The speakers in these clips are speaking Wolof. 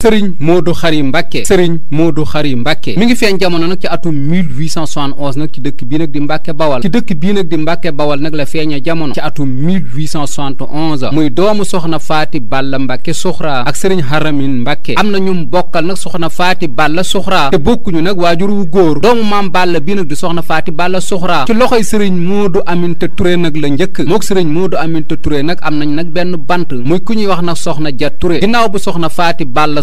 sëriñ Modou Khary Mbacké sëriñ Modou Khary Mbacké mi ngi feeñ jamono nag ci atum 1871 nag ci dëkk bii nag di Mbacké Bawal ci dëkk bii nag di Mbacké Bawal nag la feeñee jamono ci atum 1871 muy doomu soxna Faati Balla Mbacké Soxra ak sëriñ Haramin Mbacké am na ñu ñum bokkal nag soxna Faati Balla Soxra te bokkuñu nag waajur wu góor doomu maam Balla bii nag di soxna Faati Balla Soxra ci loxoy sëriñ Modou Aminta Touré nag la njëkk mook sëriñ Modou Aminta Touré nag am nañ nag benn bant muy ku ñuy wax nag soxna Jat Touré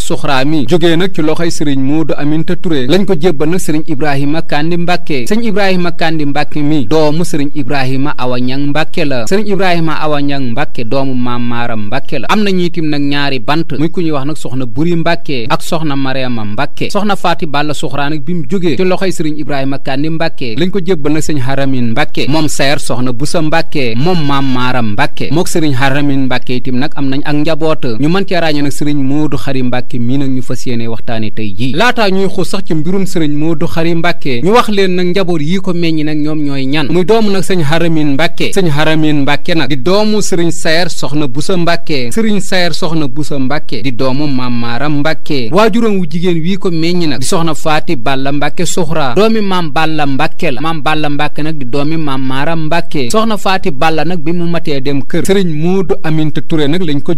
suxraa mi nag ci loxoy sëriñ Moodu Aminta Touré lañ ko jébbal nag sëriñ Ibrahima Kandi Mbàkke sëriñ Ibrahima Kandi Mbàkke mi doomu sëriñ Ibrahima Awa Ñang Mbàkke la sëriñ Ibrahima Awa Ñang Mbàkke doomu Maam Maaram Mbàkke la am na ñiitim nag ñaari bant muy ku ñuy wax nag soxna Buri Mbàkke ak soxna Mariama Mbàkke soxna Faati Balla Suxraa nag bi mu jógee ci loxoy sëriñ Ibrahima Kandi Mbàkke lañ ko jébbal nag sëriñ Haramin Mbàkke moom seer soxna Busa Mbàkke moom Maam Maaram Mbàkke mook sëriñ Haramin Mbàkke itim nag am nañ ak njaboot ñu mën cee ràññee nag sëriñ Moodu Xari Mbàkke Mbacke mii nag ñu fas yéene waxtaane tey jii laataa ñuy xuus sax ci mbirum sëriñ Modou Khary Mbacke ñu wax leen nag njaboot yi ko meññi nag ñoom ñooy ñan muy doomu nag sëñ Haramin Mbacke sëñ Haramin Mbacke nag di doomu sëriñ Sayer soxna Busa Mbacke sëriñ Sayer soxna sa Mbacke di doomu Maam Maaram Mbacke waajuram wu jigéen wii ko meññi nag di soxna Faati Balla Mbacke Suxra doomi Maam Balla Mbacke la Maam Balla Mbacke nag di doomi Maam Maaram Mbacke soxna Faati Balla nag bi mu dem kër sëriñ Modou Aminta Touré nag lañ ko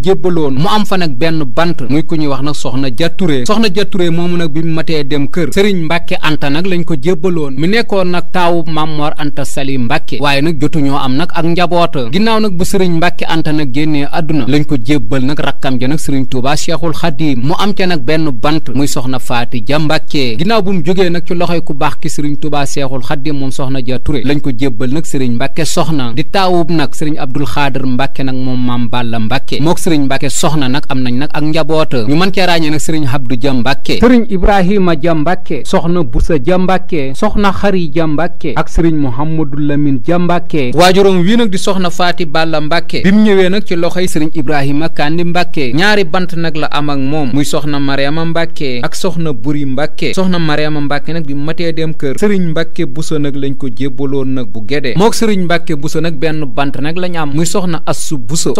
soxna Jature soxna Jature moomu nag bi mu matee dem kër Serigne Mbacke Anta nag lañ ko jébbaloon mi nekkoon nag taawu Maam Mor Anta Sali Mbacke waaye nag jotuñoo am nag ak njaboota ginnaaw nag bu sëriñ Mbacke Anta nag génnee àdduna lañ ko jébbal nag rakkam ja nag Serigne Touba seexul Khadim mu am ca nag benn bant muy soxna Faati Ja Mbacke ginnaaw bu mu jógee nag ci loxoy ku baax ki Serigne Touba Cheikhul Khadim moom soxna Jature lañ ko jébbal nag Serigne Mbacke soxna di taawub nag Serigne Abdul Xaadir Mbacke nag Mbàkke mook sëriñ Mbàkke soxna nag am nañ nag ak njaboot ñu mën cee ràññee nag sëriñ Abdu Ja Mbàkke sëriñ Ibrahima Ja Mbàkke soxna Busa Ja Mbàkke soxna Xari Ja Mbàkke ak sëriñ Mouhamadou Lamine Ja Mbàkke waajuram wii nag di soxna Faati Balla Mbàkke bi mu ñëwee nag ci loxo loxoy sëriñ Ibrahima Kandi Mbàkke ñaari bant nag la am ak moom muy soxna Mariama Mbàkke ak soxna Buri Mbàkke soxna Mariama mbakke nag bi mu matee dem kër sëriñ Mbàkke Busa nag lañ ko jébbaloon nag bu gédee mook sëriñ Mbàkke Busa nag benn bant nag lañ am muy soxna Assu Busa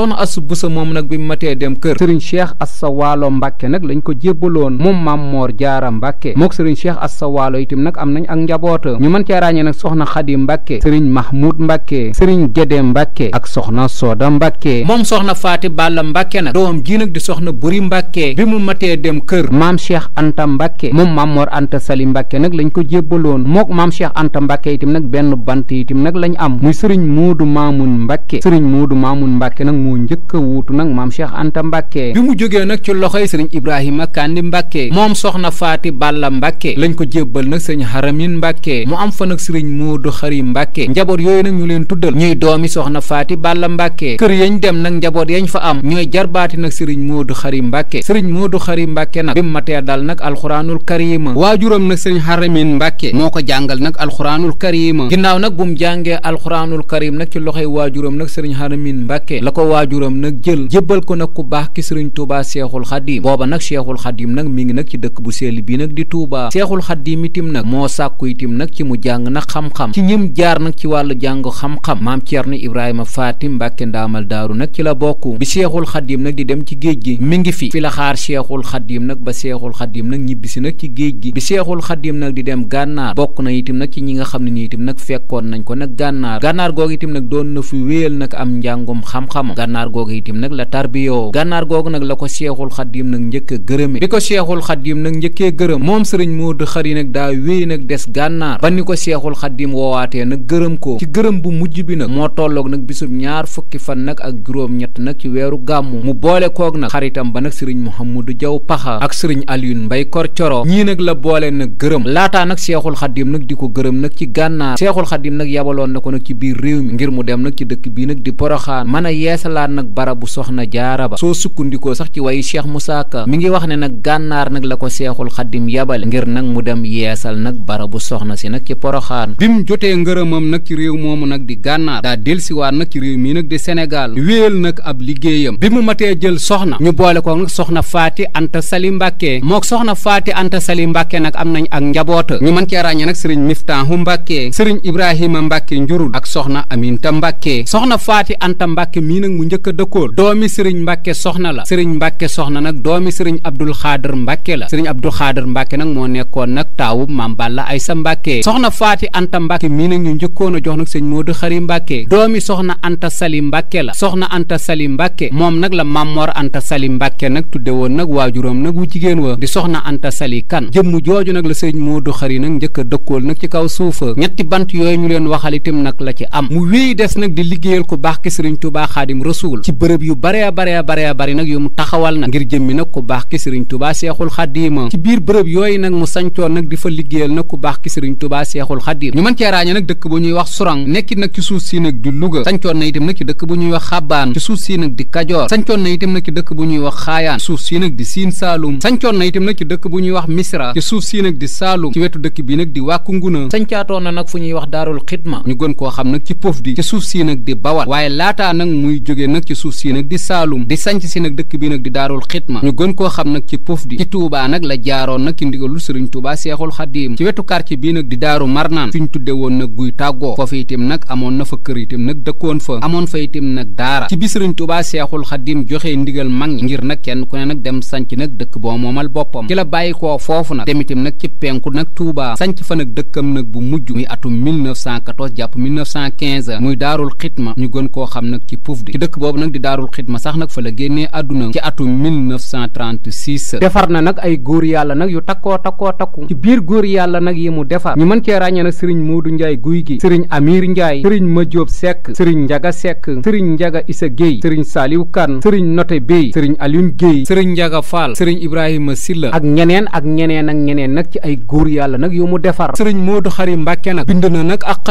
moom nag bi mu matee dem kër sëriñ cheikh assa waalo nag lañ ko jébbaloon moom maam moor jaara mbàkke mook sëriñ cheikh assa waalo itam nag am nañ ak njaboota ñu mën cee ràññee nag soxna xadi mbàkke sëriñ mahmoud mbàkke sëriñ gédé mbàkke ak soxna sooda mbàkke moom soxna faati balla mbàkke nag doom ji nag di soxna buri mbàkke bi mu matee dem kër maam cheikh anta mbàkke moom maam moor anta sali nag lañ ko jébbaloon mook maam cheikh anta mbàkke itam nag benn bant itam nag lañ am muy sëriñ muudu maamun mbàkke sëriñ muudu maamun mbàkke nag moo njëkk a wuutu surtout nag maam Cheikh Anta Mbacke bi mu jógee nag ci loxoy sëriñ Ibrahima Kandi Mbacke moom soxna Faati Balla Mbacke lañ ko jébbal nag sëriñ Haramin Mbacke mu am fa nag sëriñ Moodu Xari Mbacke ñu leen tuddal ñuy doomi soxna Faati Balla Mbacke kër yañ dem nag yañ fa am ñooy jarbaati nag sëriñ Moodu Xari Mbacke sëriñ Moodu Xari Mbacke nag bi mu dal nag alxuraanul karima waajuram nag sëriñ Haramin Mbacke moo ko jàngal nag alxuraanul karima ginnaaw nag bu mu jàngee alxuraanul karim nag ci loxoy waajuram nag sëriñ Haramin Mbacke la ko waajuram nag jël jël jébbal ko nag ku baax ki sëriñ Touba Seexul Xadim booba nag Seexul Xadim nag mi ngi nag ci dëkk bu sell bi nag di Touba Seexul Xadim itim nag moo sàkku itim nag ci mu jàng nag xam-xam ci ñim jaar nag ci wàllu jàng xam-xam maam Ceerno Ibrahima Fatim Mbàkke ndaamal daaru nag ci la bokk bi Seexul Xadim nag di dem ci géej gi mi ngi fi fi la xaar Seexul Xadim nag ba Seexul Xadim nag ñibbisi nag ci géej gi bi Seexul Xadim nag di dem gànnaar bokk na itim nag ci ni itim nag fekkoon nañ na fi wéyal nag am njàngum xam-xamam gànnaar nag la tarbiyoo gànnaar googu nag la ko seexul xaddiim nag njëkk a gërëme bi ko seexul xaddiim nag njëkkee gërëm moom sëriñ Moodu Xari nag daa wéy nag des gànnaar ba ni ko seexul xaddiim woowaatee nag gërëm ko ci gërëm bu mujj bi nag moo tolloog nag bisub ñaar fukki fan nag ak juróom-ñett nag ci weeru gàmmu mu boole koog nag xaritam ba nag sëriñ Mouhamadou Diaw Paxa ak sëriñ Alioune Mbay Korcoro ñii nag la boole nag gërëm laataa nag seexul xaddiim nag di ko gërëm nag ci gànnaar seexul xaddiim nag yabaloon na ko nag ci biir réew mi ngir mu dem nag ci dëkk bii nag di poroxaan mën a yeesalaat soxna jaara ba soo sukkandikoo sax ci wayu cheikh Moussa Ka mi ngi wax ne nag gànnaar nag la ko seexul xaddim yabale ngir nag mu dem yeesal nag barabu soxna si nag ci poroxaan bi mu jotee ngërëmam nag ci réew moomu nag di gànnaar daa delsiwaat nag ci réew mii nag di Sénégal wéyal nag ab liggéeyam bi mu matee jël soxna ñu boole ko nag soxna faati anta sali mbàkke mook soxna faati anta sali mbàkke nag am nañ ak njaboota ñu mën cee ràññee nag sëriñ miftaahu mbàkke sëriñ ibrahima mbàkke njurul ak soxna aminta a doomi sëriñ mbàkke soxna la sëriñ mbàkke soxna nag doomi sëriñ abdul xaadar mbàkke la sëriñ abdul xaadar mbàkke nag moo nekkoon nag taawub maam balla sa mbàkke soxna faati anta mbàkke mii nag ñu njëkkoon a jox nag sëñ moodu xari mbàkke doomi soxna anta sali mbàkke la soxna anta sali mbàkke moom nag la mammoor anta sali mbàkke nag tudde woon nag waajuram nag wu jigéen wa di soxna anta sali kan jëmm jooju nag la sëriñ moodu xari nag njëkk a dëkkool nag ci kaw suufa ñetti bant yooyu ñu leen waxal itam nag la ci am mu des nag di liggéeyal ku baax ki sëriñ tubaa xaadim rasuul yu baree baree baree bari nag yu mu taxawal nag ngir jëmmi nag ku baax ki sëriñ tubaa seexul xadiima ci biir bërëb yooyu nag mu sancoon nag di fa liggéeyal nag ku baax ki sëriñ tubaa seexul xadiim ñu mën cee ràññee nag dëkk bu ñuy wax nag di Louga sancoon na itam nag ci dëkk bu ñuy wax xabaan ci suuf si nag di kajoor sancoon na itam nag dëkk bu ñuy wax xaayaan suuf nag na ci suuf si nag di saalum ci wetu dëkk bi nag di wàkku nguna na fu ñuy wax daarul xidma ñu gën koo xam nag ci pof di ci suuf si nag di bawal waaye laataa nag muy jóge nag di saalum di sanc si nag dëkk bi nag di daarul ma ñu gën koo xam nag ci pof di ci tuubaa nag la jaaroon nag ci ndigalul sëriñ tuubaa seexul xaddiim ci wetu quartier bii nag di daaru marnaan fi ñu tudde woon nag guy tàggoo foofu itam nag amoon na fa kër itam nag dëkkoon fa amoon fa itam nag daara ci bi sëriñ tuubaa seexul xaddiim joxe ndigal mag ñi ngir nag kenn ku ne nag dem sanc nag dëkk boo moomal boppam ci la bàyyi koo foofu nag dem nag ci penku nag tuubaa sanc fa nag dëkkam nag bu mujj muy atum 1914 jàpp 1915 muy daarul xitma ñu gën koo xam nag ci pof di dëkk boobu nag di daarul Muxaddamatul Xidma sax nag fa la génnee àdduna ci atum defar na nag ay góor yàlla nag yu takkoo takkoo takku ci biir góor yàlla nag yi mu defar ñu mën cee ràññee nag sëriñ Moodu Njaay guy gi sëriñ Amir Njaay sëriñ Majóob Sekk sëriñ Njaga Sekk sëriñ Njaga Isa Géey sëriñ Saaliw Kan sëriñ Note Bey sëriñ Alioune Géey sëriñ Njaga Faal sëriñ Ibrahima Silla ak ñeneen ak ñeneen ak ñeneen nag ci ay góor yàlla nag yu mu defar sëriñ Moodu Xari Mbàkke nag bind na nag ak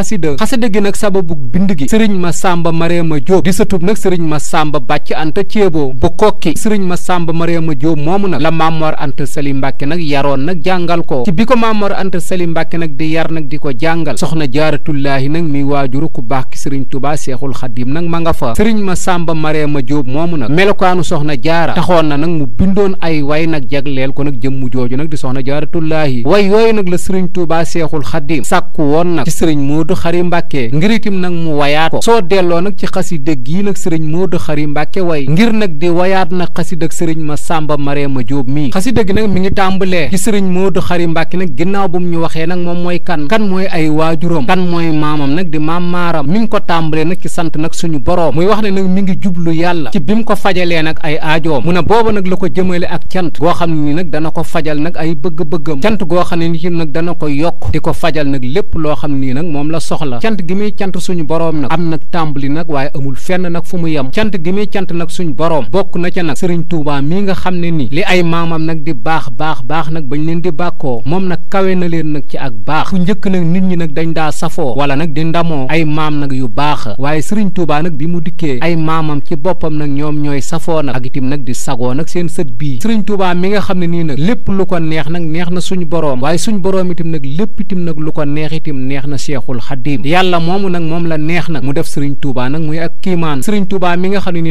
bàcc anta ceeboo bu kokki sëriñ ma sàmba mariama jóob moomu nag la mamor anta sali mbàkke nag yaroon nag jàngal ko ci bi ko mamor anta sali mbàkke nag di yar nag di ko jàngal soxna jaaratullaahi nag mi waajuru ku baax ki sëriñ tubaa seexul xadim nag ma nga fa sëriñ ma sàmba mariama jóob moomu nag melokaanu soxna jaara taxoon na nag mu bindoon ay way nag jagleel ko nag jëmmu jooju nag di soxna jaaratullaahi way yooyu nag la sëriñ tubaa seexul xadim sàkku woon nag ci sëriñ moodu xari mbàkke ngir itam nag mu wayaat ko soo delloo nag ci xasida gi nag sëriñ moodu xari Mbàkke way ngir nag di wayaat na xasida ak sëriñ ma sàmba maree ma jóob mii xasida gi nag mi ngi tàmbalee ci sëriñ Moodu Xari Mbàkke nag ginnaaw bu mu ñu waxee nag moom mooy kan kan mooy ay waajuram kan mooy maamam nag di maam maaram mi ngi ko tàmbalee nag ci sant nag suñu boroom muy wax ne nag mi ngi jublu yàlla ci bi mu ko fajalee nag ay aajoom mu ne booba nag la ko jëmale ak cant goo xam ne ni nag dana ko fajal nag ay bëgg-bëggam cant goo xam ne ni nag dana ko yokk di ko fajal nag lépp loo xam nii nag moom la soxla cant gi muy cant suñu boroom nag am nag tàmbali nag cant nag suñu boroom bokk na ca nag sëriñ Touba mii nga xam ne ni li ay maamam nag di baax baax baax nag bañ leen di bàkkoo moom nag kawe na leen nag ci ak baax bu njëkk nag nit ñi nag dañ daa safoo wala nag di ndamoo ay maam nag yu baax waaye sëriñ Touba nag bi mu dikkee ay maamam ci boppam nag ñoom ñooy safoo nag ak itim nag di sagoo nag seen sët bii sëriñ Touba mi nga xam ne nii nag lépp lu ko neex nag neex na suñu boroom waaye suñu boroom itim nag lépp itim nag lu ko neex itim neex na Seexul Xadiim yàlla moomu nag moom la neex nag mu def sëriñ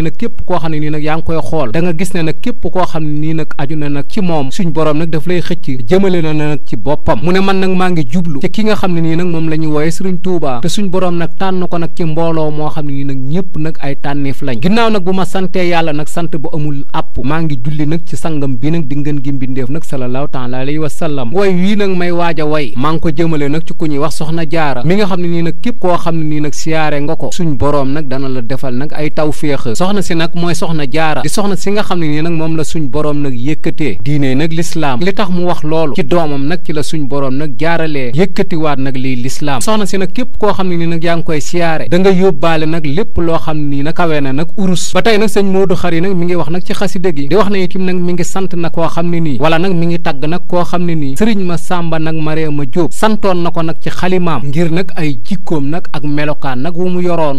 nag képp koo xam ne nii nag yaa ngi koy xool da gis ne nag képp koo xam ne nii nag aju na nag ci moom suñ borom nag daf lay xëcc jëmale na nag ci boppam mu ne man nag maa ngi jublu ki nga xam ne nii nag moom la ñuy wooye sëriñ Tuubaa te suñ borom nag tànn ko nag ci mbooloo moo xam ne nii nag ñëpp nag ay tànneef lañ ginnaaw nag bu ma santee yàlla nag sant bu amul àpp maa ngi julli nag ci sangam bi nag di ngeen gi mbindeef nag sallallahu taala alayhi wa sallam way wii nag may waaja a way maa ngi ko jëmale nag ci ku ñuy wax soxna jaara mi nga xam ne nii nag képp koo xam ne nii nag siyaare nga ko suñ boroom nag dana la defal nag ay tawféex soxna soxna si nag mooy soxna jaara di soxna si nga xam ne nii nag moom la suñ boroom nag yëkkatee diine nag lislaam li tax mu wax loolu ci doomam nag ci la suñ boroom nag jaaralee yëkkatiwaat nag lii lislaam soxna si nag képp koo xam ne nii nag yaa ngi koy siyaare da nga yóbbaale nag lépp loo xam ne na nag kawee na nag urus ba tey nag sëñ Modou Khary nag mi ngi wax nag ci xasida gi di wax na itim nag mi ngi sant nag koo xam ne nii wala nag mi ngi tagg nag koo xam ne nii sëriñ ma sàmba nag Mariama Jóob santoon na ko nag ci xalimaam ngir nag ay jikkoom nag ak melokaan nag mu yoroon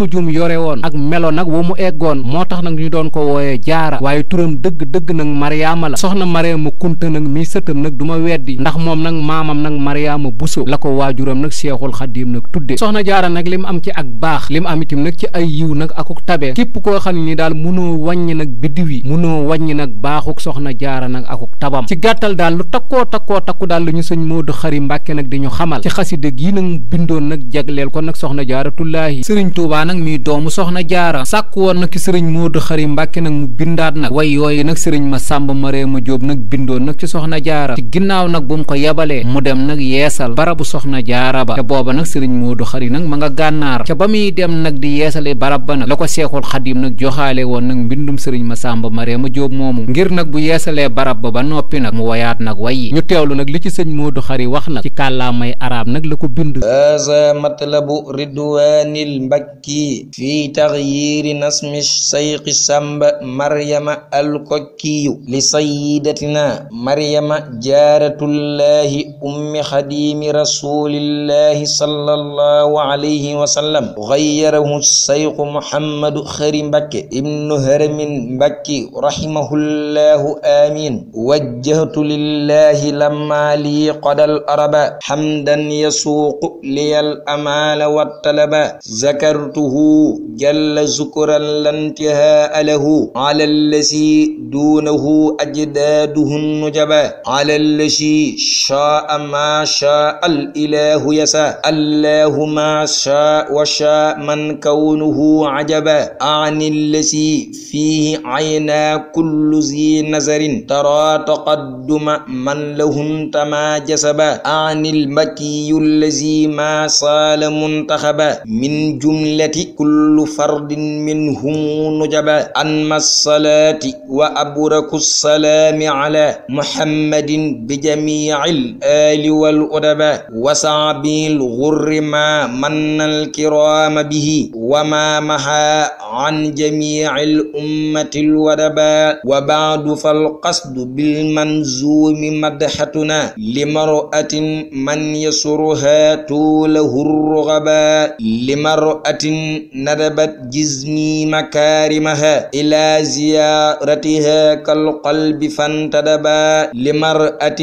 jikko jum yore woon ak melo nag wa mu eggoon moo tax nag ñu doon ko wooyee jaara waaye turam dëgg-dëgg nag mariama la soxna mariama kunta nag mi sëtam nag du ma weddi ndax moom nag maamam nag mariama buso la ko waajuram nag seexul xaddiim nag tudde soxna jaara nag li mu am ci ak li mu am itam nag ci ay yiw nag akuk tabe képp koo xam ne ni daal munoo wàññi nag biddiw yi munoo wàññi nag baaxuk soxna jaara nag akuk tabam ci gàttal daal lu takkoo takkoo takku daal la ñu sëñ Moodu Xari Mbàkke nag di ñu xamal ci xasida yi nag bindoon nag jagleel ko nag soxna jaaratullaahi sëriñ Tuubaa nag mi doomu soxna jaara sàkk woon nag ci sëriñ Moodu Xari Mbàkke nag mu bindaat nag way yooyu nag sëriñ ma sàmba Mareema nag bindoon nag ci soxna jaara ci ginnaaw nag bu mu ko yebalee mu dem nag yeesal barabu soxna jaara ba booba nag sëriñ Moodu Xari nag ma nga gànnaar ca ba muy dem nag di yeesale barab ba nag la ko seexul xadim nag joxaale woon nag mbindum sëriñ ma sàmba Mareema Jóob moomu ngir nag bu yeesalee barab ba ba noppi nag mu wayaat nag wayi ñu teewlu nag li ci sëñ Moodu Xari wax nag ci kàllaamay arab nag la ko bind haza matlabu ridwanil fi taxyiiri nasmi sayqi samba maryama alkokkiyu li sayyidatina maryama jaaratullahi ummi xadiimi rasulillahi sallallahu alayhi wa sallam gayyarahu sayqu muhammadu xari mbakke ibnu haramin mbakki rahimahullahu amin wajjahtu lillahi lamma li qadal araba hamdan yasuuqu liyal amaala wattalaba zakartu ذكره جل ذكرا لا انتهاء له على الذي دونه أجداده النجبة على الذي شاء ما شاء الإله يسى الله ما شاء وشاء من كونه عجبا عن الذي فيه عينا كل ذي نظر ترى تقدم من لهم تما جسبا عن المكي الذي ما صال منتخبا من جملة البيت كل فرد منهم نجبا عن الصلاة وأبرك السلام على محمد بجميع الآل والأدب وسع بالغر ما من الكرام به وما مها عن جميع الأمة الودبا وبعد فالقصد بالمنزوم مدحتنا لمرأة من يسرها طوله الرغبا لمرأة ندبت جزمي مكارمها إلى زيارتها كالقلب فانتدبا لمرأة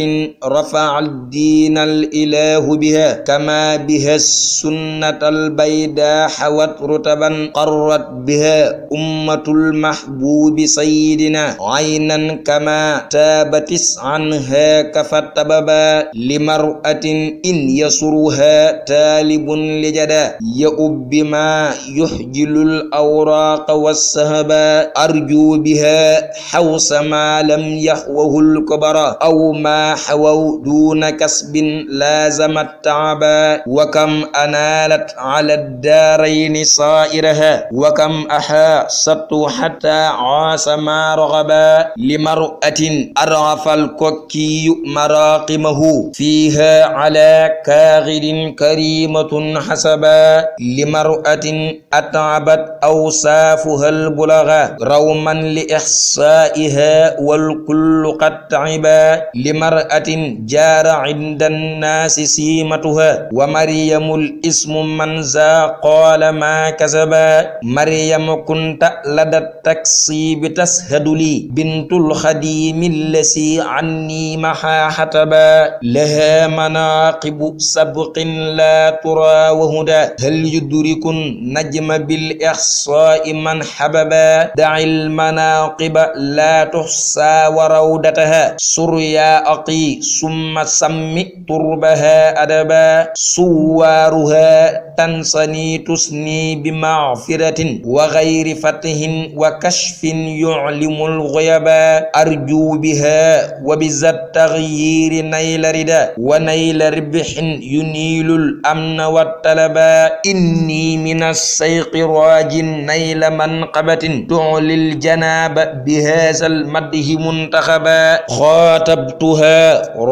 رفع الدين الإله بها كما بها السنة البيداء حوت رتبا قرت بها أمة المحبوب سيدنا عينا كما تاب تسعنها كفتببا لمرأة إن يسرها طالب لجدا يؤب ما يحجل الأوراق والسهبا أرجو بها حوص ما لم يحوه الكبرى أو ما حووا دون كسب لازم التعبا وكم أنالت على الدارين صائرها وكم أحاصت حتى عاس ما رغبا لمرأة أرعف الككي مراقمه فيها على كاغر كريمة حسبا لمرأة ataabat awsaafuha albulaga rawman li ixsaaiha walkullu qad taiba li maratin jaara inda annaasi siimatuha wa maryamu lismu man za qaala maa kasaba maryamu kunta lada taksibi tashaduli bintul xadiimi lasi anni maha xataba laha manaaqibu sabqin laa tura wa huda hal yudrikun najma bil ixsaai man xababa daci lmanaqiba laa tuxsaa wa rawdataha sur yaa aqi summa sammi turbaha adaba suwaaruha tansani tusni bi macfiratin wa gayri fathin wa kashfin yuclimu lxuyaba arju biha wa biza taxyiri nayla rida wa nayla ribxin yuniilul amna wa talaba inni mina السيق راج نيل منقبة تعلي الجناب بهذا المده منتخبا خاطبتها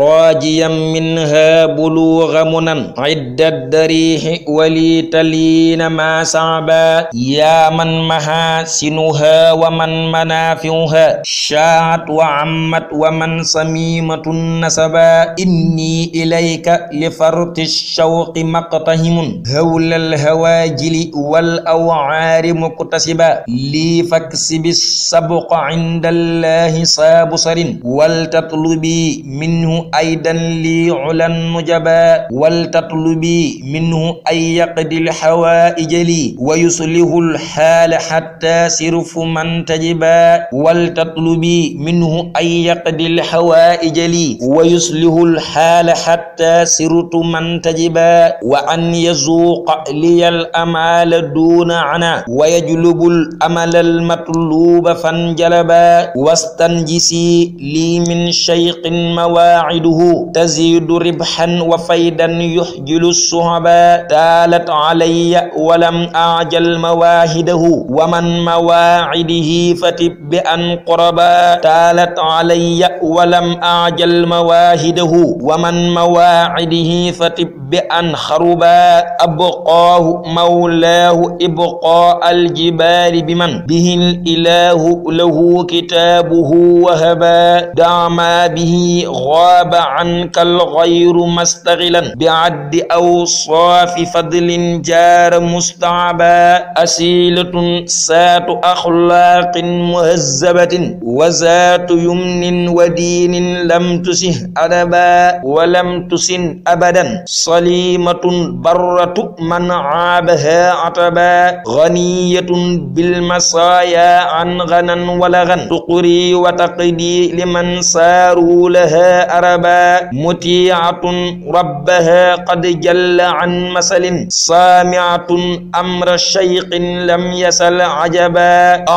راجيا منها بلوغ منن عد الدريح ولي تلين ما صعبا يا من محاسنها ومن منافعها شاعت وعمت ومن صميمة النسبا إني إليك لفرط الشوق مقتهم هول الهواجل wal awaari muktasiba lii faksibi sabqa inda allahi saabu sarin wal tatlubi minhu aydan lii culan nujaba wal tatlubi minhu an yaqdi lxawaaija lii wa yuslihu lxaala xatta sirfu man tajiba wal tatlubi minhu an yaqdi lxawaaija lii wa yuslihu lxaala xatta sirtu man tajiba wa an yazuuqa liyal amaal almala duuna ana wa yajlubul amalal matluuba fan jalaba wastanjisi lii min shayqin mawaaciduhu taziidu ribxan wa faydan yuxjilu suhaba taalat calaya walam acjal mawaahidahu wa man mawaacidihi fatib bi an quraba taalat calaya walam acjal mawaahidahu wa man mawaacidihi fatib bi an xaruba abqaahu mawla الله إبقاء الجبال بمن به الإله له كتابه وهبا دع ما به غاب عنك الغير مستغلا بعد أوصاف فضل جار مستعبا أسيلة سات أخلاق مهذبة وذات يمن ودين لم تسه أدبا ولم تسن أبدا صليمة برة من عابها ataba ganiyatun bil masaya an ganan wala gan tuquri wa taqdi liman saaru laha araba mutiatun rabbaha qad jalla an masalin saamiatun amra shayqin lam yasal ajaba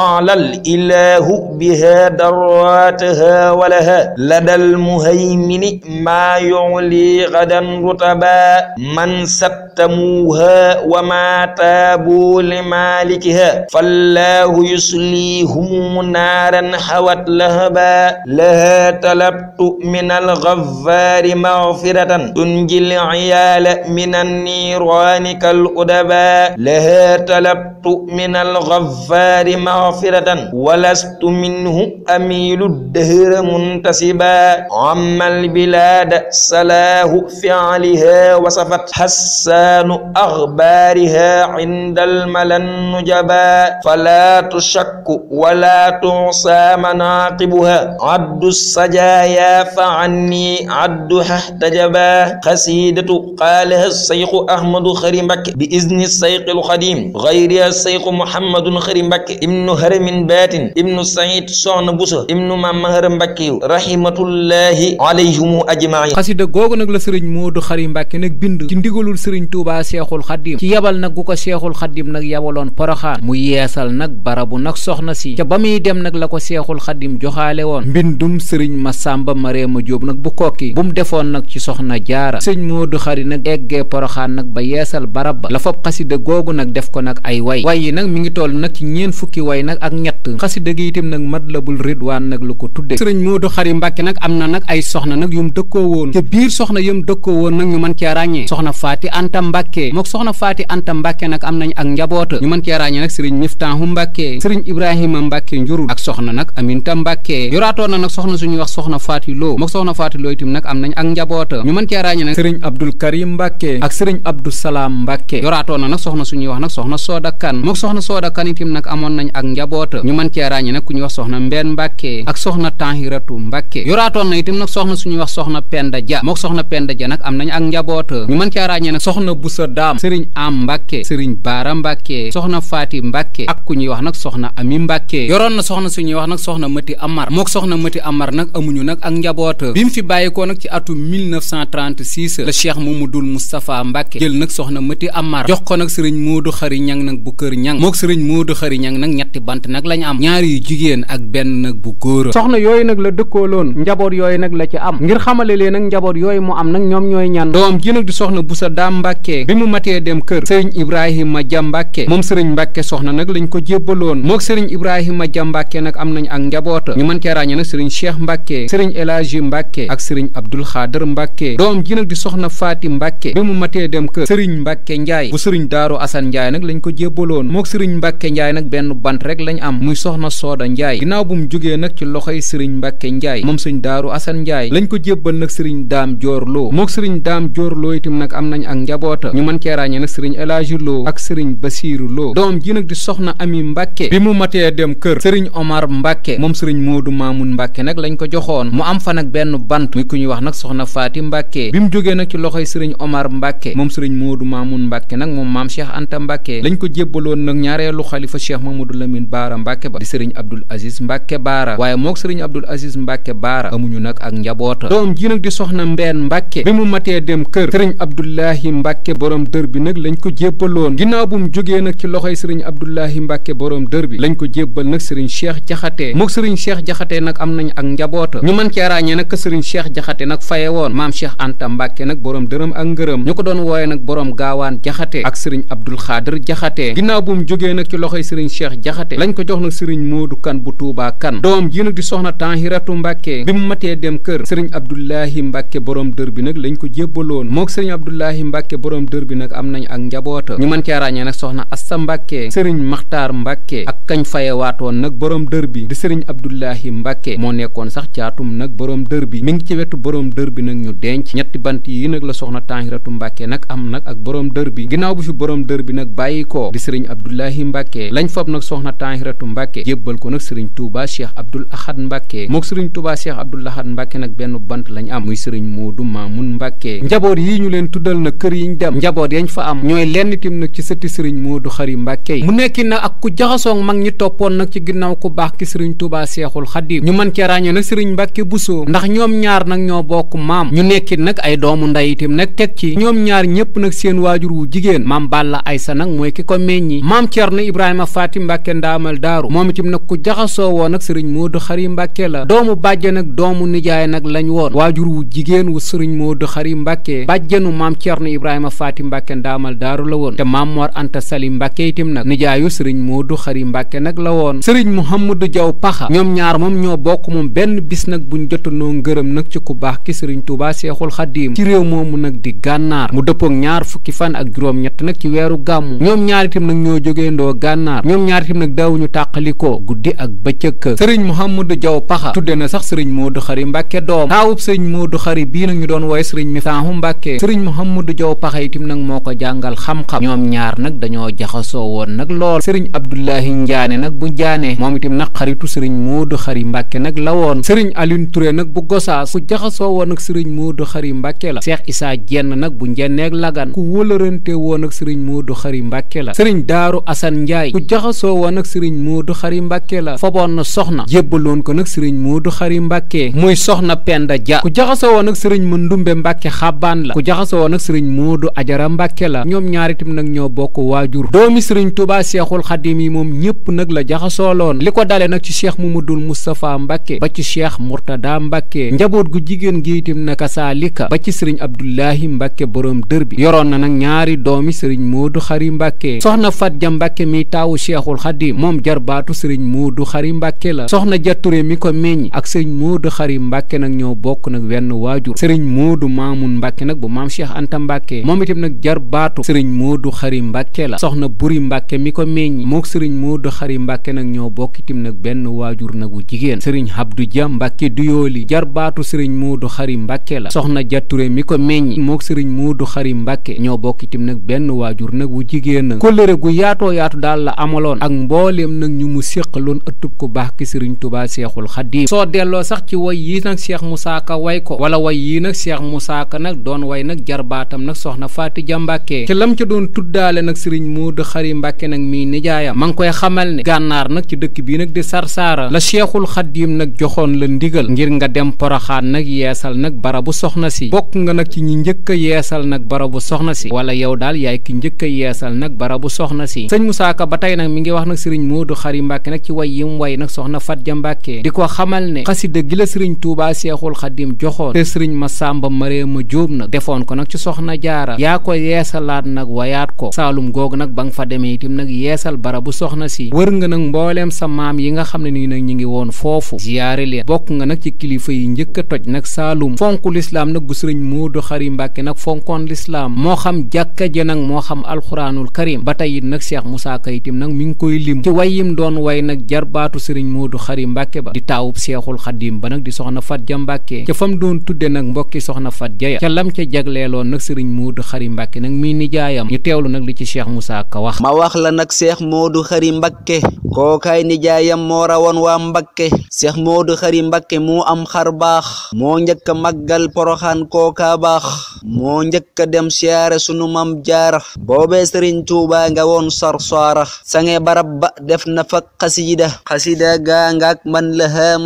alal ilahu biha darrataha walaha ladal muhaymini ma yu'li gadan rutaba man sattamuha wa mata استجابوا لمالكها فالله يسليهم نارا حوت لهبا لها طلبت من الغفار مغفرة تنجي العيال من النيران كالأدبا لها طلبت من الغفار مغفرة ولست منه أميل الدهر منتسبا عم البلاد سلاه فعلها وصفت حسان أخبارها عن عند الملن نجبا فلا تشك ولا تعصى مناقبها عد السجايا فعني عدها احتجبا قصيدة قالها الشيخ أحمد خري مكي بإذن الشيخ القديم غيرها الشيخ محمد خري مكي ابن هرم بات ابن سعيد سون بوسا ابن مام هرم مكي رحمة الله عليهم أجمعين قصيدة googu nag la sëriñ Modou Khary Mbacké nag bind ci ndigalul sëriñ Touba Cheikhoul Khadim ci yabal nag gu ko Cheikh seexul xaddim nag yabaloon poroxaan mu yeesal nag barabu nag soxna ba muy dem nag la ko seexul xaddim joxaale woon mbindum sëriñ Masamba Mareema Jóob nag bu kokki bu mu defoon nag ci soxna jaara sëñ du Xari nag eggee poroxaan nag ba yeesal barab ba la fab xasida googu nag def ko nag ay way way yi nag mu ngi toll nag ci ñeen fukki way nag ak ñett xasida gi itam nag mat Matlabul Ridwaan nag lu ko tudde sëriñ du Xari Mbàkke nag am na nag ay soxna nag yu mu dëkkoo woon ca biir soxna yum dëkkoo woon nag ñu mën cee ràññee soxna Faati Anta Mbàkke mook nag am nañ ak njaboota ñu mën cee ràññee nag sëriñ Miftaahu Mbàkke sëriñ Ibrahima Mbàkke njurul ak soxna nag Aminta Mbàkke yoraatoon na nag soxna suñuy wax soxna Faati Lo mook soxna Faati Lo itam nag am nañ ak njaboota ñu mën cee ràññee nag sëriñ Abdul Karim Mbàkke ak sëriñ Abdou Salaam Mbàkke yoraatoon na nag soxna suñuy wax nag soxna Sooda Kan mook soxna Sooda Kan itam nag amoon nañ ak njaboota ñu mën cee ràññee nag ku ñuy wax soxna Mbeen Mbàkke ak soxna Tahiratu Mbàkke yoraatoon na itam nag soxna suñuy wax soxna Penda Ja mook soxna Penda Ja nag am nañ ak njaboota ñu mën cee ràññee nag soxna Busa Daam sëriñ Am Mbàkke sëriñ sëriñ baara mbàkke soxna faati mbàkke ak ku ñuy wax nag soxna ami mbàkke yoroon na soxna suñuy wax nag soxna mëti amar mook soxna mëti amar nag amuñu nag ak njaboota bi mu fi bàyyikoo nag ci atum 1936 la cheikh mamadul moustapha mbàkke jël nag soxna mëti amar jox ko nag sëriñ moodu xari ñang nag bu kër ñang mook sëriñ moodu xari ñang nag ñetti bant nag lañ am ñaari jigéen ak benn nag bu góor soxna yooyu nag la dëkkooloon njaboot yooyu nag la ci am ngir xamale leen nag njaboot yooyu mu am nag ñoom ñooy ñan doom ji nag di soxna bu sa daam mbàkke bi mu matee dem kër sëriñ ibrahima Ibrahima Dia Mbacke moom sëriñ Mbacke soxna nag lañ ko jébbaloon mook sëriñ Ibrahima Dia Mbacke nag am nañ ak njaboota ñu mën cee ràññee nag sëriñ Cheikh Mbacke sëriñ El Hadji Mbacke ak sëriñ Abdul Xaadar Mbacke doom ji nag di soxna Faati Mbacke bi mu matee dem kër sëriñ Mbacke Ndiaye bu sëriñ Daaru Asan Ndiaye nag lañ ko jébbaloon mook sëriñ Mbacke Ndiaye nag benn bant rek lañ am muy soxna Sooda Ndiaye ginnaaw bu mu jógee nag ci loxoy sëriñ Mbacke Ndiaye moom sëriñ Daaru Asan Ndiaye lañ ko jébbal nag sëriñ Daam Joor Loo mook sëriñ Daam Joor Loo itam nag am nañ ak njaboota ñu mën cee nag sëriñ El Loo ak sëriñ Basiiru Lo doom ji nag di soxna Ami Mbàkke bi mu matee dem kër sëriñ Omar Mbàkke moom sëriñ Moodu Maamun Mbàkke nag ko joxoon mu am fa nag benn bant muy ku ñuy wax nag soxna Faati Mbàkke bi mu jógee nag ci loxoy sëriñ Omar Mbàkke moom sëriñ Moodu Maamun Mbàkke nag moom maam Cheikh Anta Mbàkke lañ ko jébbaloon nag ñaareelu xalifa Cheikh Mamadou Lamine Baara Mbàkke ba di sëriñ Abdul Aziz Mbàkke Baara waaye moog sëriñ Abdul Aziz Mbàkke Baara amuñu nag ak njaboota doom ji nag di soxna Mbeen Mbàkke bi mu matee dem kër sëriñ Abdullahi Mbàkke borom dër bi nag lañ ko jébbaloon ginnaaw bu mu jógee nag ci loxoy sëriñ Abdoulahi Mbacke borom dër bi lañ ko jébbal nag sëriñ Cheikh Jaxate mook sëriñ Cheikh Jaxate nag am nañ ak njaboota ñu mën cee ràññee nag que sëriñ Cheikh Jaxate nag faye woon maam Cheikh Anta Mbacke nag borom dërëm ak ngërëm ñu ko doon wooye nag borom gaawaan Jaxate ak sëriñ Abdul Xaadir Jaxate ginnaaw bu mu jógee nag ci loxoy sëriñ Cheikh Jaxate lañ ko jox nag sëriñ Moodu Kan bu Tuubaa Kan doom ji nag di soxna Tahiratu Mbacke bi mu matee dem kër sëriñ Abdoulahi Mbacke borom dër bi nag lañ ko jébbaloon mook sëriñ Abdoulahi Mbacke borom dër bi nag am nañ ak njaboota ñu mën cee ràññee nag soxna Assa Mbàkke sëriñ Maxtaar Mbàkke ak kañ fayewaatoon nag borom dër bi di sëriñ Abdullahi Mbàkke moo nekkoon sax caatum nag borom dër bi mi ngi ci wetu borom dër bi nag ñu denc ñetti bant yi nag la soxna Tahiratu Mbàkke nag am nag ak borom dër bi ginnaaw bu fi boroom dër bi nag bàyyi ko di sëriñ Abdullahi Mbàkke lañ fab nag soxna Tahiratu Mbàkke jébbal ko nag sëriñ Touba Cheikh Abdoul Ahad Mbàkke mook sëriñ Touba Cheikh Abdoul Ahad Mbàkke nag benn bant lañ am sëriñ Moodu Maamun Mbàkke njaboot yi ñu leen tuddal ci sëti sëriñ Moodu Xari Mbàkke yi mu nekki nag ak ku jaxasoog mag ñi toppoon nag ci ginnaaw ku baax ki sëriñ Tuubaa Seexul Xadiim ñu man cee ràññee nag sëriñ Mbàkke Buso ndax ñoom ñaar nag ñoo bokk maam ñu nekki nag ay doomu nday itam nag teg ci ñoom ñaar ñëpp nag seen waajur wu jigéen maam Balla Aysa nag mooy ki ko meññi maam Cerno Ibrahima Faati Mbàkke ndaamal daaru moom itam nag ku jaxasoo woon nag sëriñ Moodu Xari Mbàkke la doomu bàjje nag doomu nijaay nag lañ woon waajur wu jigéen wu sëriñ Moodu Xari Mbàkke bàjjenu maam Ibrahima Faati Mbàkke maam Mor Anta Sali Mbàkke itim nag nijaayu sëriñ Moodu Xari Mbàkke nag la woon sëriñ Mouhamadou Diaw Paxa ñoom ñaar moom ñoo bokk moom benn bis nag buñ jotanoo ngërëm nag ci ku baax ki sëriñ Touba Seexul Xadiim ci réew moomu nag di gànnaar mu dëppook ñaar fukki fan ak juróom-ñett nag ci weeru gàmmu ñoom ñaar itam nag ñoo jógeendoo gànnaar ñoom ñaar itam nag daawuñu tàqalikoo guddi ak bëccëg sëriñ Mouhamadou Diaw Paxa tudde na sax sëriñ Moodu Xari Mbàkke doom taawub sëriñ Moodu Xari bii nag ñu doon wooye sëriñ Misaahu Mbàkke sëriñ Mouhamadou Diaw Paxa itim nag moo ko jàngal xam-xam ñoom ñaar nag dañoo jaxasoo woon nag lool sëriñ Abdoulahi Njaane nag bu Njaane moom itam nag xaritu sëriñ Moodu Xari Mbàkke nag la woon sëriñ Alioune Touré nag bu Gosaas ku jaxasoo woon nag sëriñ Moodu Xari Mbàkke la Cheikh Issa Dieng nag bu Njenneeg Lagan ku wëlërante woon ak sëriñ Moodu Xari Mbàkke la sëriñ Daaru Asan Njaay ku jaxasoo woon ak sëriñ mu Moodu Xari Mbàkke la foboon na soxna jébbaloon ko nag sëriñ Moodu Xari Mbàkke muy soxna Penda Ja ku jaxasoo woon ak sëriñ Mandumbe Mbàkke Xabaan la ku jaxasoo woon ak sëriñ Moodu Ajara Mbàkke ñoo bokk waajur doomi sëriñ tubaa seexul xadim yi moom ñépp nag la jaxasooloon li ko dale nag ci cheikh mamadul moustapha mbàkke ba ci cheikh murtada mbàkke njaboot gu jigéen gi itam naka saalika ba ci sëriñ abdullahi mbàkke borom dër bi yoroon na nag ñaari doomi sëriñ moodu xari mbàkke soxna fatja mbàkke mi taawu cheikhul xadim moom jarbaatu sëriñ moodu xari mbàkke la soxna jature mi ko meññ ak sëriñ moodu xari mbàkke nag ñoo bokk nag wenn waajur sëriñ moodu maamun mbàkke nag bu maam cheikh anta mbàkke moom itam nag jarbaatu sëriñ moodu xari xari mbàkke la soxna buri mbàkke mi ko meññ mook sëriñ moodu xari mbàkke nag ñoo bokk itam nag benn waajur nag wu jigéen sëriñ Abdou Dia mbàkke duyooli jarbaatu sëriñ moodu xari mbàkke la soxna jature mi ko meññ mook sëriñ du xari mbàkke ñoo bokk itam nag benn waajur nag wu jigéen nag kóllëre gu yaatoo yaatu daal la amaloon ak mbooleem nag ñu mu séqaloon ëttub ku baax ki sëriñ tubaa seexul xaddiim soo delloo sax ci way yii nag seex musaa ka way ko wala way yii nag seex musaa ka nag doon way nag jarbaatam nag soxna faati jambàkke tuddaale nag sëriñ Moodu Xari Mbàkke nag mii nijaayam ma ngi koy xamal ne gànnaar nag ci dëkk bii nag di sarsaara la Seexul Xaddiim nag joxoon la ndigal ngir nga dem poroxaan nag yeesal nag barabu soxna si bokk nga nag ci ñi njëkk a yeesal nag barabu soxna si wala yow daal yaay ki njëkk yeesal nag barabu soxna si sëñ Musaa ba tey nag mi ngi wax nag sëriñ Moodu Xari Mbàkke nag ci way yim way nag soxna Fatja Mbàkke di ko xamal ne xasida gi la sëriñ Tuubaa Seexul Xaddiim joxoon te sëriñ Masàmba Mareema Jóob nag ma ko nag ci ko nag wayaat ko ko saalum googu nag ba nga fa demee itam nag yeesal barabu soxna si wër nga nag mbooleem sa maam yi nga xam ne nii nag ñi ngi woon foofu ziyaare leen bokk nga nag ci kilifa yi njëkk a toj nag saalum fonk lislaam nag gu sëriñ Moodu Xari Mbàkke nag fonkoon lislaam moo xam jàkka ja nag moo xam alxuraanul karim ba tey it nag Cheikh Moussa Ka itam nag mi ngi koy lim ci wayim doon way nag jarbaatu sëriñ Moodu Xari Mbàkke ba di taawub Seexul Xadim ba nag di soxna Fat Ja Mbàkke ca soxna Fat nag li ci Cheikh Moussa Ka wax ma wax la nag Cheikh Modou Khary Mbacké kookaay nijaayam moo rawoon waa Mbacké Cheikh Modou Khary mbakke moo am xar baax moo njëkk maggal màggal poroxaan ka baax moo njëkk dem siyaare sunu mam jaara boobee Sëriñ Tuubaa nga woon sarsaara sange barab ba def na fa xasida xasida gaa ngaak man la haa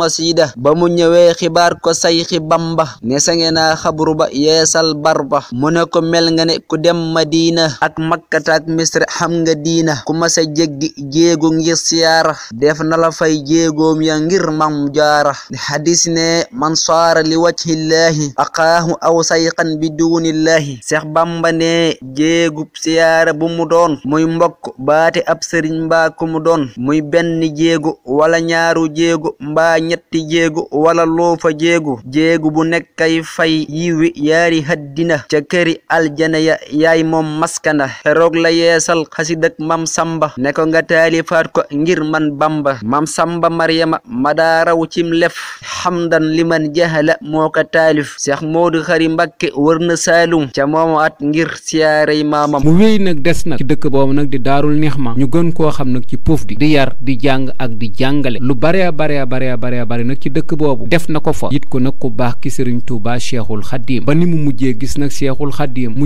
ba mu ñëwee xibaar ko sayxi bamba ne sange naa xabru ba yeesal barba mu ne ko mel nga ne ku dem Madina ak mag makkata ak misr xam nga diina ku masa jéggi jéego ngir siyaara def nala fay jéegoom ya ngir mam jaara xadis ne man saara li wajhillaahi aqaahu aw sayqan bi duunillaahi seex bamba ne jéegub siyaara bu mu doon muy mbokk baate ab sëriñ mbaa mu doon muy benn jéego wala ñaaru jéego mbaa ñetti jéego wala loofa jéego jéego bu nekkay fay yiwi yaari haddina ca këri aljana ya yaay maskana keroog la yeesal xasidak mam samba ne ko nga taalifaat ko ngir man bamba mam samba maryama madaaraw cim lef xamdan liman jahala moo ko taalif seex moodu xari mbakke wër na saalum ca moom at ngir siyaarey maamam mu wéy nag des nag ci dëkk boobu nag di daarul neex ma ñu gën koo xam nag ci puuf di di yar di jàng ak di jàngale lu bare bare bare bare bare nag ci dëkk boobu def na ko fa yit ko nag ku baax ki sëriñ Tuubaa cheikhul xadim ba ni mu mujjee gis nag cheikhul xadim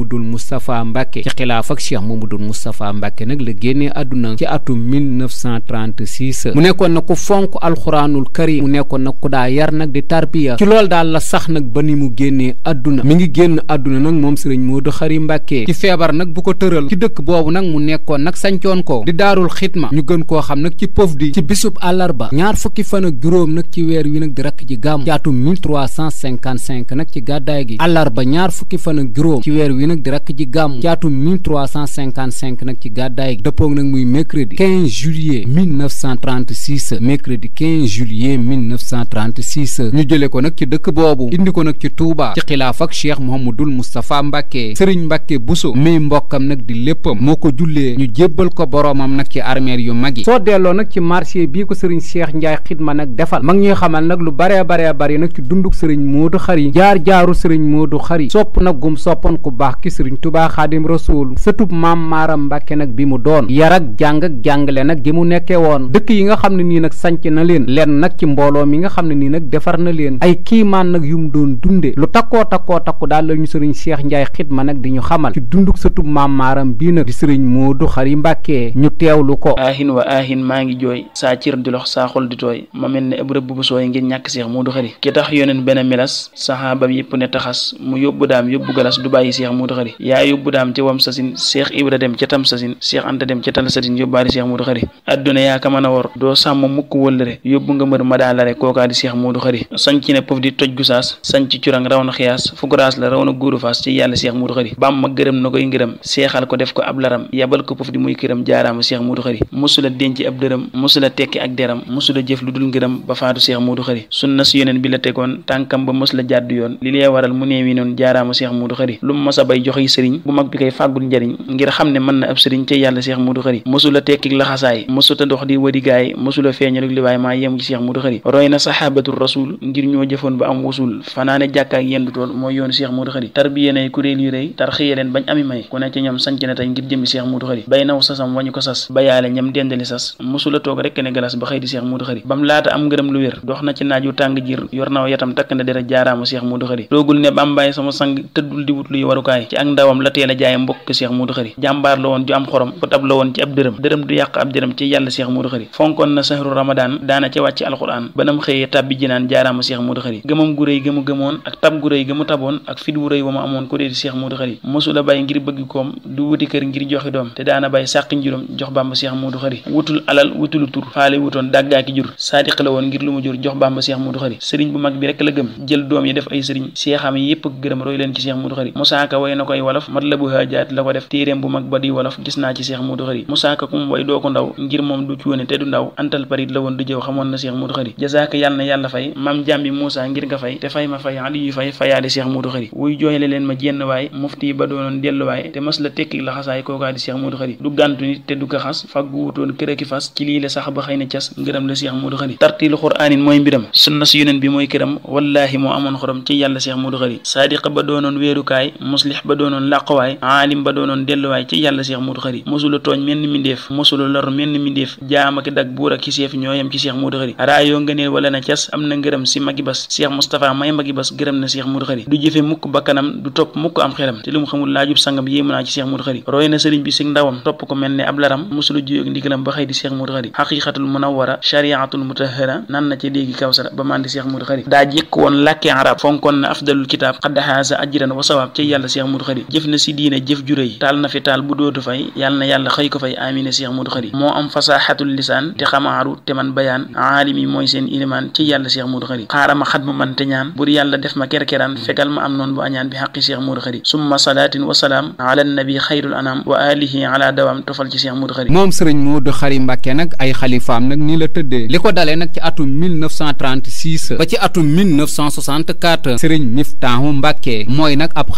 Mamadul Moustapha Mbacke ci xilaaf ak Cheikh Mamadul Moustapha Mbacke nag la génnee àdduna ci atum 1936 mu nekkoon na ku fonk alxuraanul na ku daa yar nag di daal la sax nag ba ni mu génnee àdduna mi ngi génn àdduna nag moom sëriñ Modou Khary Mbacke ci feebar nag bu ko tëral ci dëkk boobu nag mu nekkoon nag sancoon ko di daarul xitma ñu gën koo xam nag ci pof di ci bisub àllarba ñaar fukki fan ak juróom nag ci weer wi nag di rakk ji gàmm ci atum 1355 nag ci gàddaay gi àllarba ñaar fukki fan ak juróom ci weer wi nag di rakk ji gàmm ci atum 1355 nag ci gàddaay gi dëppoog nag muy mercredi 15 juillet 1936 mercredi 15 juillet 1936 ñu jëlee ko nag ci dëkk boobu indi ko nag ci Touba ci xilaaf ak Cheikh Mouhamadul Moustapha Mbacke Serigne Mbacke Bousso mi mbokkam nag di léppam moo ko jullee ñu jébbal ko boromam nag ci armeer yu mag yi soo delloo nag ci marché bii ko Serigne Cheikh Ndiaye xidma nag defal mag ñuy xamal nag lu baree bare bari nag ci dunduk Serigne Modou Khary jaar jaaru Serigne Modou Khary sopp ki sëriñ tubaa xaadim rasuul sëtub maam maaram mbàkke nag bi mu doon yar ak jàng ak jàngale nag gi mu nekkee woon dëkk yi nga xam ne nii nag sanc na leen leen nag ci mbooloo mi nga xam ne nii nag defar na leen ay kiimaan nag yu mu doon dunde lu takkoo takkoo takku daal la ñu sëriñ Cheikh Ndiaye xidma nag di ñu xamal ci sa sëtub maam maaram bii nag di sëriñ Moodu Xari Mbàkke ñu teewlu ko aahin wa aahin maa ngi jooy saa cir di lox saa xol di tooy ma mel ne ab rëbb bu sooy ngir ñàkk Seex Moodu Xari ki tax yoneen benn milas saxaabam yëpp ne taxas mu yóbbu daam yóbbu galas du bàyyi Seex Modou Khari yaa yóbbu daam ci wam sasin Cheikh Ibra dem ca tam sasin Cheikh Anta dem ca tal sasin yóbbaari Cheikh Modou Khari adduna yaa ka mën a wor doo sàmm mukk wëllëre yóbbu nga mbër ma daalare kookaa di Cheikh Modou Khari sanc na pëf di toj gusaas sanc curang raw na xiyaas fu guraas la raw na guuru faas ci yàlla Cheikh Modou Khari bam ma denc ab dërëm musula tekki ak deram musula jëf lu dul ngërëm ba faatu Cheikh Modou Khari sunna si yoneen bi la tegoon tànkam mooy joxe sëriñ bu mag bi koy fàggul njariñ ngir xam ne mën na ab sëriñ ci yàlla Cheikh Modou Khary mosula tekkik laxasaay mosuta dox di wadi waaye maa na saxaabatul rasul ngir ñoo jëfoon ba am wusul takk na dera jaaraamu Cheikh Modou Khary toogul ne bambaay sama sang tëddul di wut luy warukaay ci ak ndawam la teel a jaay mbokk Cheikh Modou Khari jàmbaar la woon ju am xorom ko tab la woon ci ab dërëm dërëm du yàq ab dërëm ci yàlla Cheikh Modou Khari fonkoon na gu réy gëmu gëmoon ak tab gu réy gëmu taboon ak fit wu réy wa ma amoon ko dee di Cheikh Modou Khari mosu bàyyi ngir bëgg koom du wuti kër ngir joxi doom te daana bàyyi sàq njuróom jox bamba Cheikh mu jur jox sëriñ bu mag bi rek la gëm jël doom yi def ay sëriñ seexam yépp gërëm roy leen na koy wolof matlabu haajaat la ko def téeréem bu mag ba di wolof gis naa ci seex muudu xari musaa kum way doo ko ndaw ngir moom du cuune te du ndaw antal parit la woon du jëw xamoon na seex muudu xari jasaaka yàlla na yàlla fay maam jàmbi muusaa ngir nga fay te fay ma fay ali yu fay fayaale seex muudu xari wuy jooyle leen ma jenn waay mufti ba doonoon delluwaay te mas la tekki la xasaay kookaa di seex muudu xari du gàntu nit te du ko xas ba doonoon làqawaay aalim ba doonoon delluwaay ci yàlla seex moodu xari mosula tooñ menn mindéef mosula lor menn mindéef jaam ak dag buur ak ki seef ñooyam ci seex moodu xari raayoo ngëneel wala na cas am na ngërëm si magi bas seex mustapha may magi bas gërëm na seex moodu xari du jëfe ci seex moodu xari roy na sëriñ bi si ndawam topp ko mel ne ab laram mosula juyoog ndigalam ba xëy di seex moodu xari xaqiqatul munawwara shariatul mutahara nan na ci léegi kawsara ba man seex moodu xari daa jekk woon làkke arab fonkoon na afdalul kitaab xaddahaasa ajran wa jëf na si diine jëf ju taal na fi taal bu dootu fay yàlla na yàlla xëy ko fay amina Cheikh Modou Khari moo am fasaaxatul lisaan te xamaaru te man bayaan aalim mooy seen ilimaan ci yàlla Cheikh Modou Khari xaara ma xat mu man te ñaan bur yàlla def ma kerkeraan fegal ma am noonu bu añaan bi xaqi Cheikh Modou Khari Mbàkke nag ay xalifaam nag nii la tëddee li ko dalee nag ci atum 1936 ba ci atum 1964 sëriñ Miftaahu Mbàkke mooy nag ab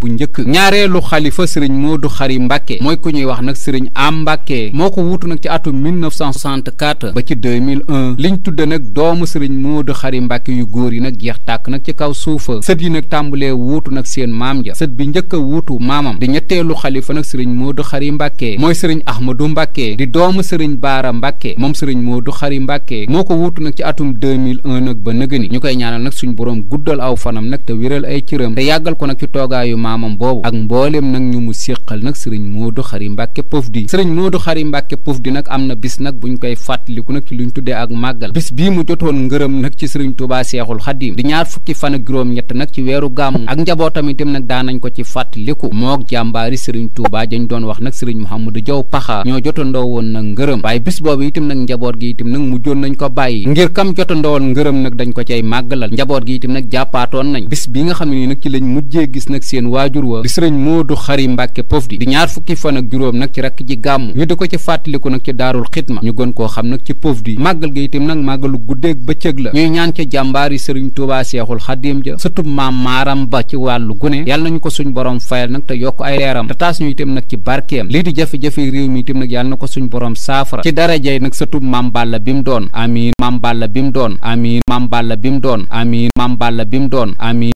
bu njëkk ñaareelu xalifa sëriñ Modou Khary Mbacké mooy ku ñuy wax nag sëriñ Am Mbacké moo ko wuutu nag ci atum 1964 ba ci 2001 liñ tudde nag doomu sëriñ Modou Khary Mbacké yu góor yi nag jeex tàkk nag ci kaw suufa sët yi nag tàmbalee wuutu nag seen maam ja sët bi njëkk wuutu maamam di ñetteelu xalifa nag sëriñ Modou Khary Mbacké mooy sëriñ Ahmadou Mbacké di doomu sëriñ Baara Mbacké moom sëriñ Modou Khary Mbacké moo ko wuutu nag ci atum 2001 nag ba nëgëni ñu koy ñaanal nag suñ boroom guddal aw fanam nag te wéral ay cëram te yàggal ko nag ci toogaayu maamam boobu ak mboolem nag ñu mu séqal nag sëriñ Modou Khary Mbacke Pofdy sëriñ Modou Khary Mbacke Pofdy nag am na bis nag buñ koy fàttaliku nag ci luñ tuddee ak màggal bis bii mu jotoon ngërëm nag ci sëriñ Touba Seexul Xadim di ñaar fukki fan ak juróom-ñett nag ci weeru gàmmu ak njabootam itam nag daanañ ko ci fàttaliku mook jàmbaari sëriñ mu dañ doon wax nag sëriñ Mouhamadou Diaw ñoo jotandoo woon nag ngërëm waaye bis boobu itam nag njaboot gi itam nag mujjoon nañ ko bàyyi ngir kam jotandoo woon ngërëm nag dañ ko cay màggalal njaboot gi itam nag jàppaatoon nañ bis bi nga xam ne nag ci lañ waajur wa di sëriñ Moodu Xari Mbàkke Pofdi di ñaar fukki fan ak juróom nag ci rakk ji gàmmu ñu di ko ci fàttaliku nag ci daarul xidma ñu gën koo xam nag ci Pofdi màggal ga itam nag màggalu guddeeg bëccëg la ñuy ñaan ca jàmbaari sëriñ Tuubaa Seexul Xadiim ja sëtub maam maaram ba ci wàllu gune yàlla nañu ko suñ borom fayal nag te yokk ay leeram te taas ñu itam nag ci barkeem lii di jafe-jafe réew mi itam nag yàlla na ko suñ borom saafara ci